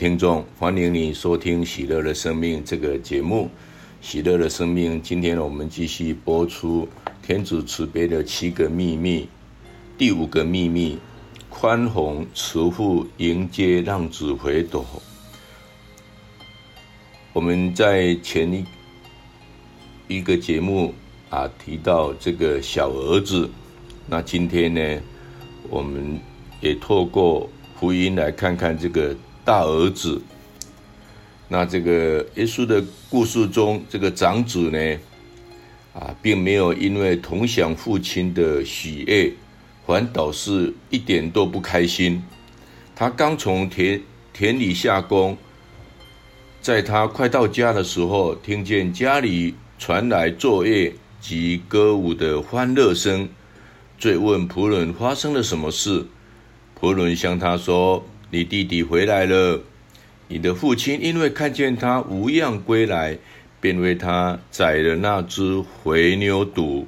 聽眾，歡迎你收聽《喜樂的生命》這個節目。喜樂的生命，今天我們繼續播出《天主慈悲的七個秘密》。第五個秘密，寬宏慈父迎接浪子回頭。我們在前一一個節目啊提到這個小兒子，那今天呢，我們也透過福音來看看這個。大兒子，那這個耶穌的故事中，這個長子呢，啊，並沒有因為同享父親的喜悅，反倒是一點都不開心。他剛從田田裡下工，在他快到家的時候，聽見家裡傳來作樂及歌舞的歡樂聲，追問僕人發生了什麼事。僕人向他說。你弟弟回來了，你的父親因為看見他無恙歸來，便為他宰了那只肥牛犢。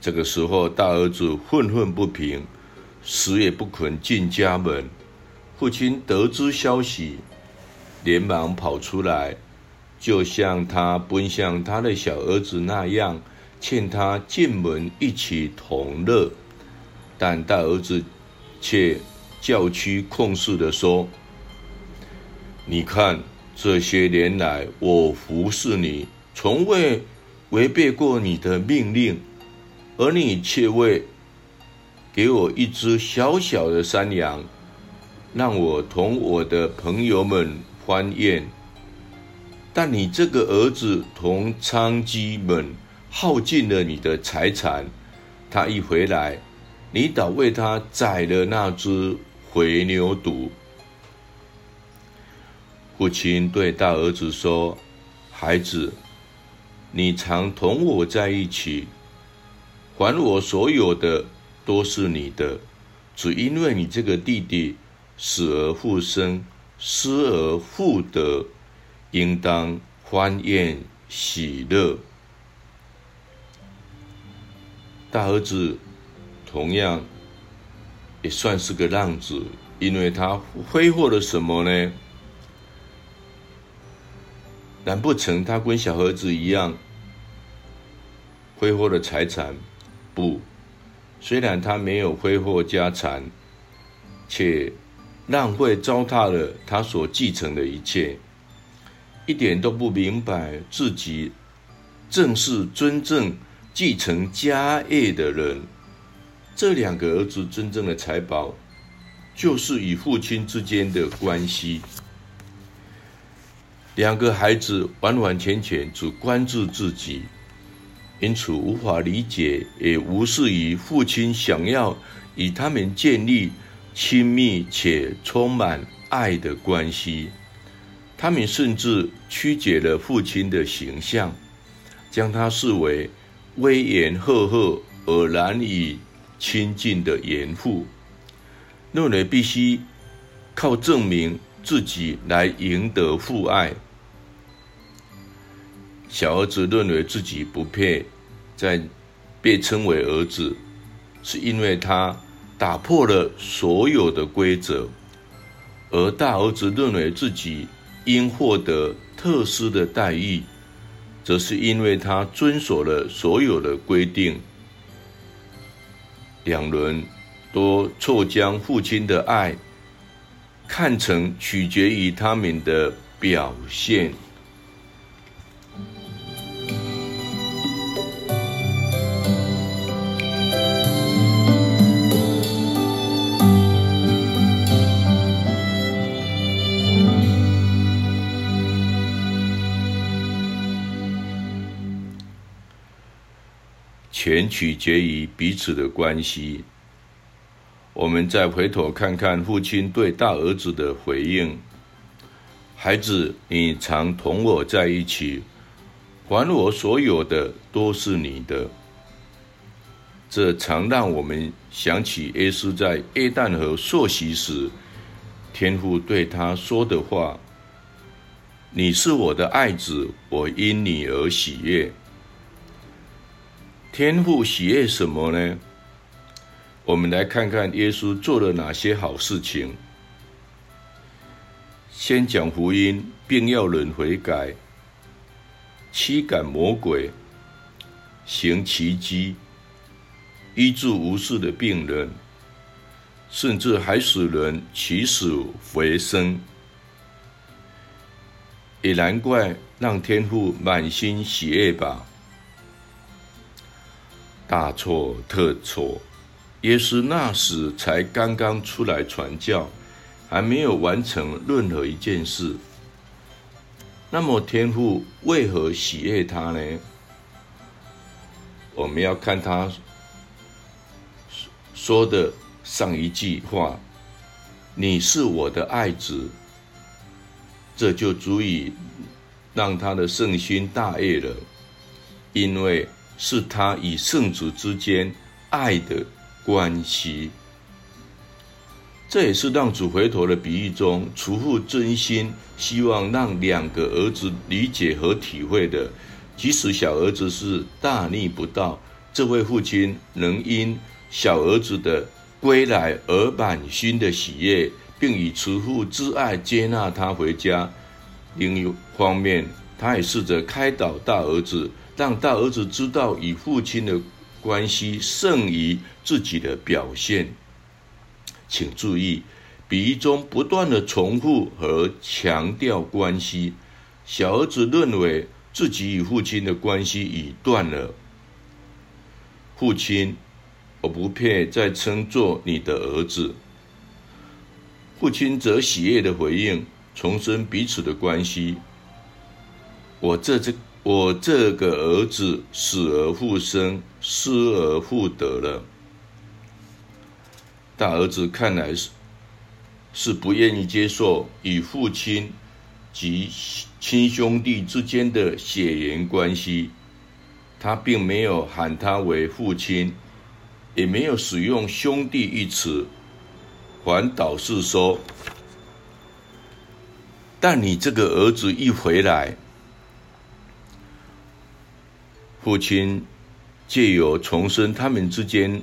這個時候，大兒子憤憤不平，死也不肯進家門。父親得知消息，連忙跑出來，就像他奔向他的小兒子那樣，勸他進門一起同樂。但大兒子卻。教區控訴地說：“你看，這些年來我服侍你，從未違背過你的命令，而你卻未給我一隻小小的山羊，讓我同我的朋友們歡宴。但你這個兒子同娼妓們耗盡了你的財產，他一回來，你倒為他宰了那隻。”回，牛犢，父親對大兒子說：“孩子，你常同我在一起，還我所有的都是你的。只因為你這個弟弟死而復生，失而復得，應當歡宴喜樂。”大兒子同樣也算是個浪子，因為他揮霍了什麼呢？難不成他跟小兒子一樣揮霍了財產？不，雖然他沒有揮霍家產，且浪費糟蹋了他所繼承的一切，一點都不明白自己正是真正繼承家業的人。這兩個兒子真正的財寶，就是與父親之間的關係。兩個孩子完完全全只關注自己，因此無法理解，也無視於父親想要與他們建立親密且充滿愛的關係。他們甚至曲解了父親的形象，將他視為威嚴赫赫，而難以親近的嚴父，認為必須靠證明自己來贏得父愛。小兒子認為自己不配在被稱為兒子，是因為他打破了所有的規則；而大兒子認為自己應獲得特殊的待遇，則是因為他遵守了所有的規定。兩人都錯將父親的愛看成取決於他們的表現。全取決於彼此的關係。我們再回頭看看父親對大兒子的回應：“孩子，你常同我在一起，還我所有的都是你的。”這常讓我們想起耶穌在約旦河受洗時，天父對他說的話：“你是我的愛子，我因你而喜悅。”天父喜悅什麼呢？我們來看看耶穌做了哪些好事情。先講福音，並要人悔改，驅趕魔鬼，行奇跡，醫治無數的病人，甚至還使人起死回生。也難怪讓天父滿心喜悅吧。大錯特錯！耶穌那時才剛剛出來傳教，還沒有完成任何一件事。那麼天父為何喜愛他呢？我們要看他說的上一句話：“你是我的愛子。”這就足以讓他的聖心大悅了，因為。是他與聖子之間愛的關係，這也是浪子回頭的比喻中，慈父真心希望讓兩個兒子理解和體會的。即使小兒子是大逆不道，這位父親能因小兒子的歸來而滿心的喜悅，並以慈父之愛接納他回家。另一方面，他也試着開導大兒子。讓大兒子知道與父親的關係勝於自己的表現，請注意，比喻中不斷的重複和強調關係。小兒子認為自己與父親的關係已斷了，父親，我不配再稱作你的兒子。父親則喜悅的回應，重申彼此的關係。我這次。我這個兒子死而復生，失而復得了。大兒子看來是是不願意接受與父親及親兄弟之間的血緣關係，他並沒有喊他為父親，也沒有使用兄弟一詞，反倒是說：但你這個兒子一回來。父親借由重申他們之間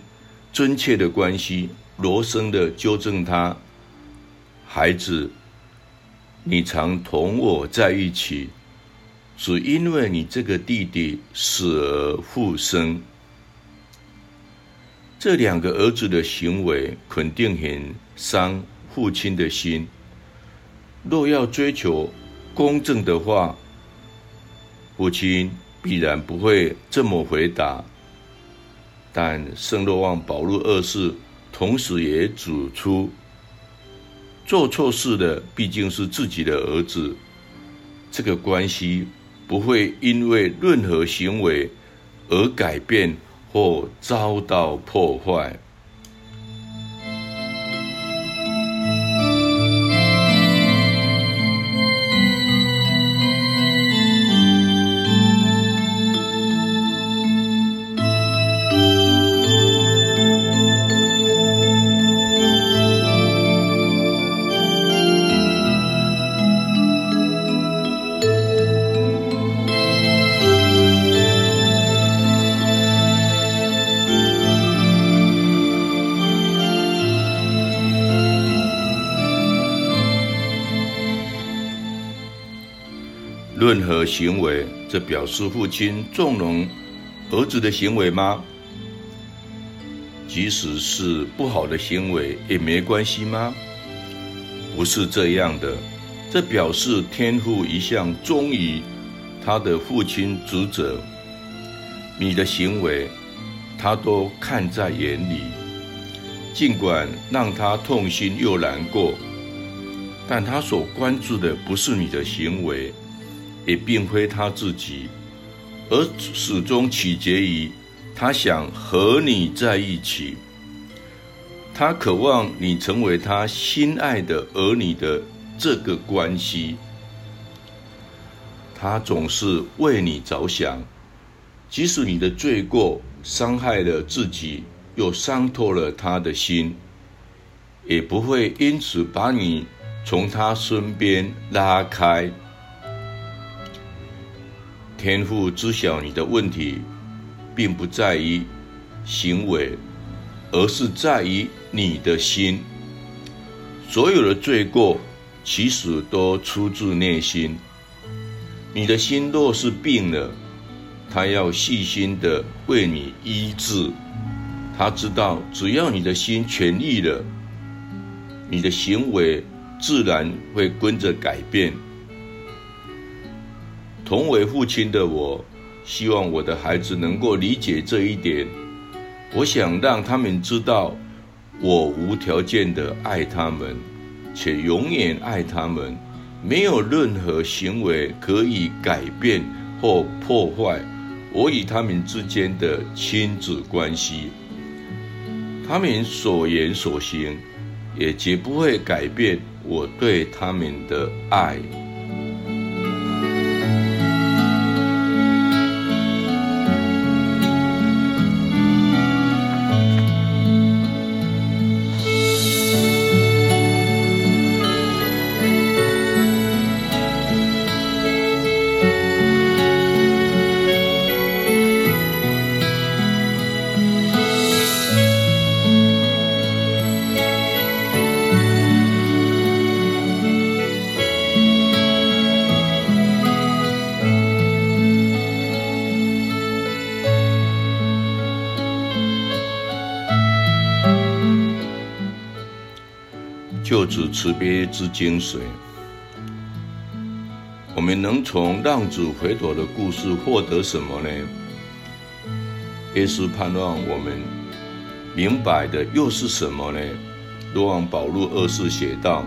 真切的關係，柔聲地糾正他孩子：“你常同我在一起，只因為你這個弟弟死而復生。”這兩個兒子的行為肯定很傷父親的心。若要追求公正的話，父親。必然不會這麼回答，但聖若望保祿二世同時也指出，做錯事的畢竟是自己的兒子，這個關係不會因為任何行為而改變或遭到破壞。行為，這表示父親縱容兒子的行為嗎？即使是不好的行為也沒關係嗎？不是這樣的，這表示天父一向忠於他的父親職責，你的行為他都看在眼裡，儘管讓他痛心又難過，但他所關注的不是你的行為。也並非他自己，而始終取決於他想和你在一起，他渴望你成為他心愛的兒女的這個關係。他總是為你着想，即使你的罪過傷害了自己，又傷透了他的心，也不會因此把你從他身邊拉開。天父知曉你的問題，並不在於行為，而是在於你的心。所有的罪過其實都出自內心。你的心若是病了，他要細心的為你醫治。他知道，只要你的心痊癒了，你的行為自然會跟着改變。同為父親的我，希望我的孩子能夠理解這一點。我想讓他們知道，我無條件地愛他們，且永遠愛他們。沒有任何行為可以改變或破壞我與他們之間的親子關係。他們所言所行，也絕不會改變我對他們的愛。慈悲之精髓，我們能從浪子回頭的故事獲得什麼呢？耶穌盼望我們明白的又是什麼呢？若望保祿二世寫道：“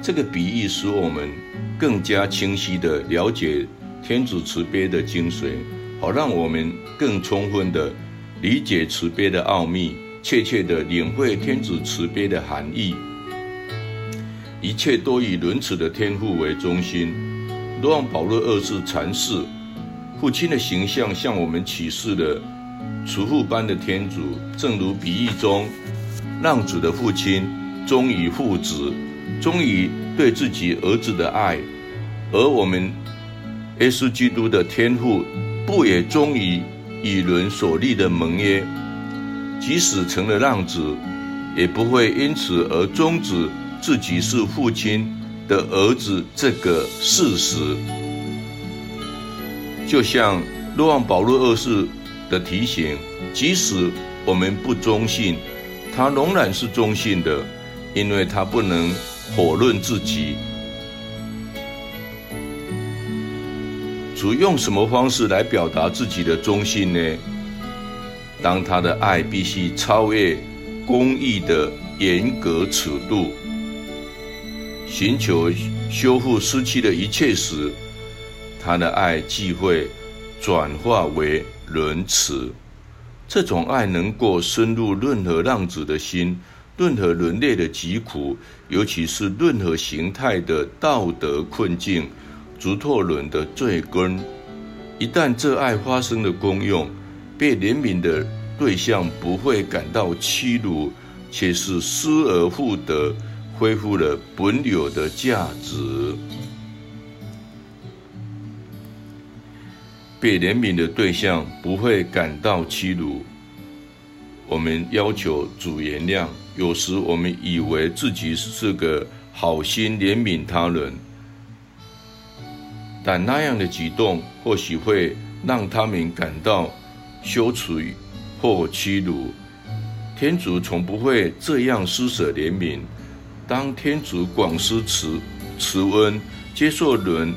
這個比喻使我們更加清晰的了解天主慈悲的精髓，好讓我們更充分的理解慈悲的奧秘，確切的領會天主慈悲的含義。”一切都以仁慈的天父為中心。若望保祿二世闡釋父親的形象向我們啟示了，慈父般的天主，正如比喻中浪子的父親，忠於父子，忠於對自己兒子的愛。而我們耶穌基督的天父，不也忠於以倫所立的盟約，即使成了浪子，也不會因此而終止。自己是父親的兒子這個事實，就像若望保祿二世的提醒，即使我們不忠信，他仍然是忠信的，因為他不能否認自己。主用什麼方式來表達自己的忠信呢？當他的愛必須超越公義的嚴格尺度。尋求修復失去的一切時，他的愛即會轉化為仁慈。這種愛能夠深入任何浪子的心，任何人類的疾苦，尤其是任何形態的道德困境、足拓輪的罪根。一旦這愛發生了功用，被憐憫的對象不會感到屈辱，且是失而復得。恢復了本有的價值。被憐憫的對象不會感到屈辱。我們要求主原諒。有時我們以為自己是個好心憐憫他人，但那樣的舉動或許會讓他們感到羞恥或屈辱。天主從不會這樣施捨憐憫。當天主廣施慈慈恩，接受人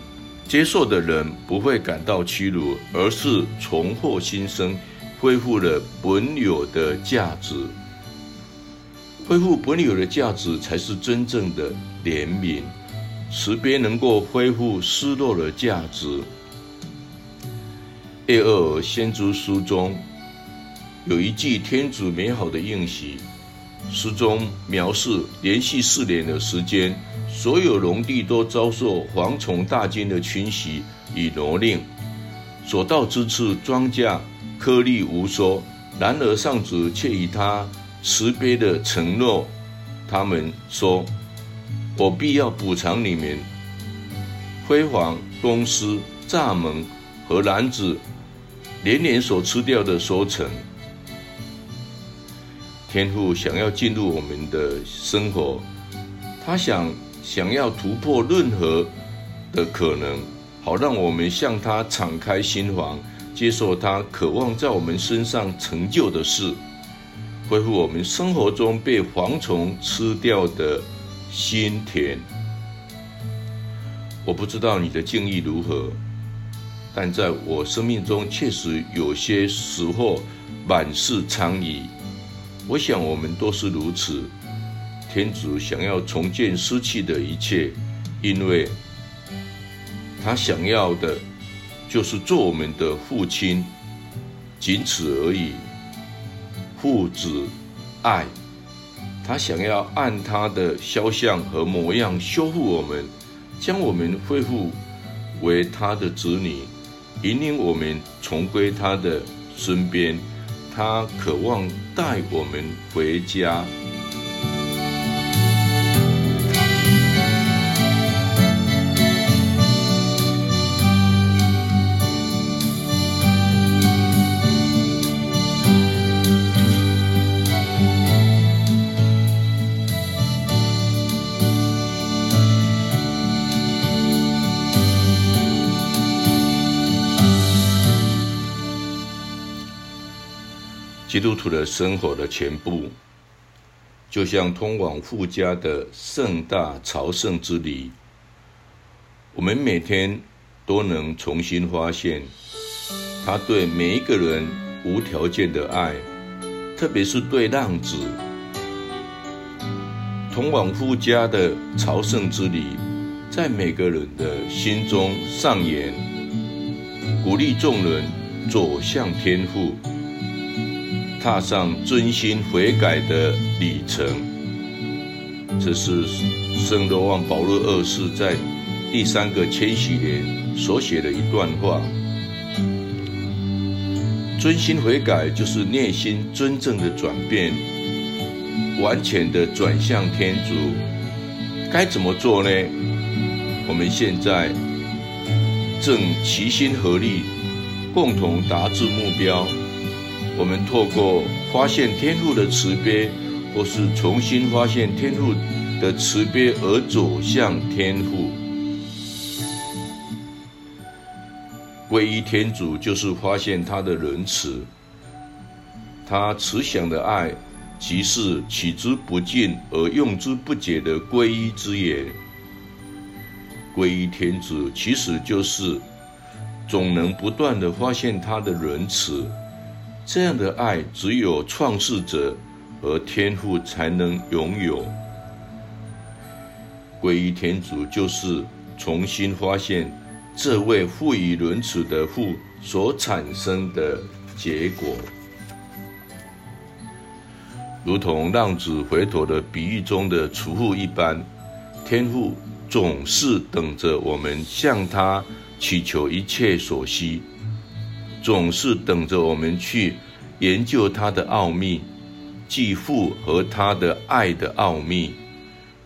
接受的人不會感到屈辱，而是重獲新生，恢復了本有的價值。恢復本有的價值，才是真正的憐憫。慈悲能夠恢復失落的價值。《耶和華先知書中》中有一句天主美好的應許。詩中描述連續四年的時間，所有農地都遭受蝗蟲大軍的侵襲與蹂躪，所到之處莊稼顆粒無收。然而上主卻以他慈悲的承諾，他們說：“我必要補償你們，輝煌公司蚱蜢和男子連年所吃掉的收成。”天父想要進入我們的生活，他想想要突破任何的可能，好讓我們向他敞開心房，接受他渴望在我們身上成就的事，恢復我們生活中被蝗蟲吃掉的心田。我不知道你的境遇如何，但在我生命中確實有些時候滿是瘡痍。我想，我們都是如此。天主想要重建失去的一切，因為他想要的，就是做我們的父親，僅此而已。父子愛，他想要按他的肖像和模樣修復我們，將我們恢復為他的子女，引領我們重歸他的身邊。他渴望。帶我們回家。基督徒的生活的全部，就像通往父家的盛大朝聖之旅。我們每天都能重新發現他對每一個人無條件的愛，特別是對浪子。通往父家的朝聖之旅，在每個人的心中上演，鼓勵眾人走向天父。踏上真心悔改的旅程，這是聖若望保祿二世在第三個千禧年所寫的一段話。真心悔改就是內心真正的轉變，完全的轉向天主。該怎麼做呢？我們現在正齊心合力，共同達至目標。我們透過發現天父的慈悲，或是重新發現天父的慈悲而走向天父，皈依天主，就是發現他的仁慈，他慈祥的愛，即是取之不盡而用之不竭的皈依之源。皈依天主其實就是總能不斷地發現他的仁慈。這樣的愛，只有創世者和天父才能擁有。皈依天主，就是重新發現這位富於仁慈的父所產生的結果，如同浪子回頭的比喻中的廚父一般，天父總是等着我們向他祈求一切所需。總是等着我們去研究他的奧秘，繼父和他的愛的奧秘，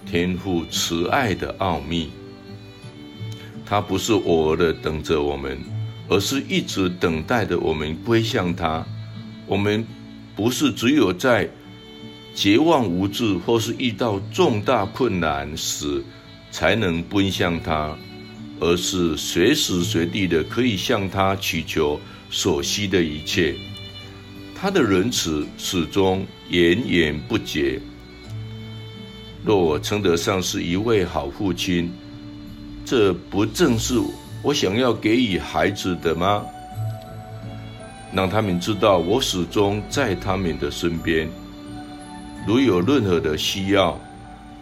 天父慈愛的奧秘。他不是偶爾的等着我們，而是一直等待着我們歸向他。我們不是只有在絕望無助或是遇到重大困難時才能奔向他，而是隨時隨地的可以向他祈求。所需的一切，他的仁慈始終源源不絕。若我稱得上是一位好父親，這不正是我想要給予孩子的嗎？讓他們知道我始終在他們的身邊，如有任何的需要，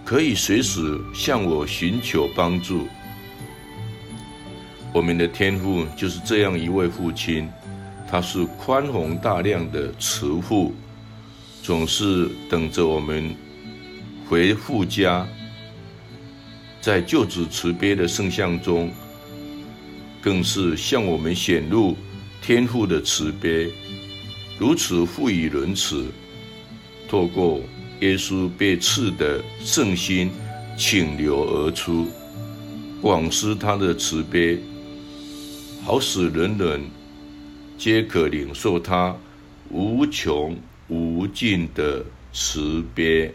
可以隨時向我尋求幫助。我們的天父就是這樣一位父親，他是寬宏大量的慈父，總是等着我們回父家。在救主慈悲的聖像中，更是向我們顯露天父的慈悲，如此富於仁慈。透過耶穌被刺的聖心，傾流而出，廣施他的慈悲。好使人人皆可領受他無窮無盡的慈悲。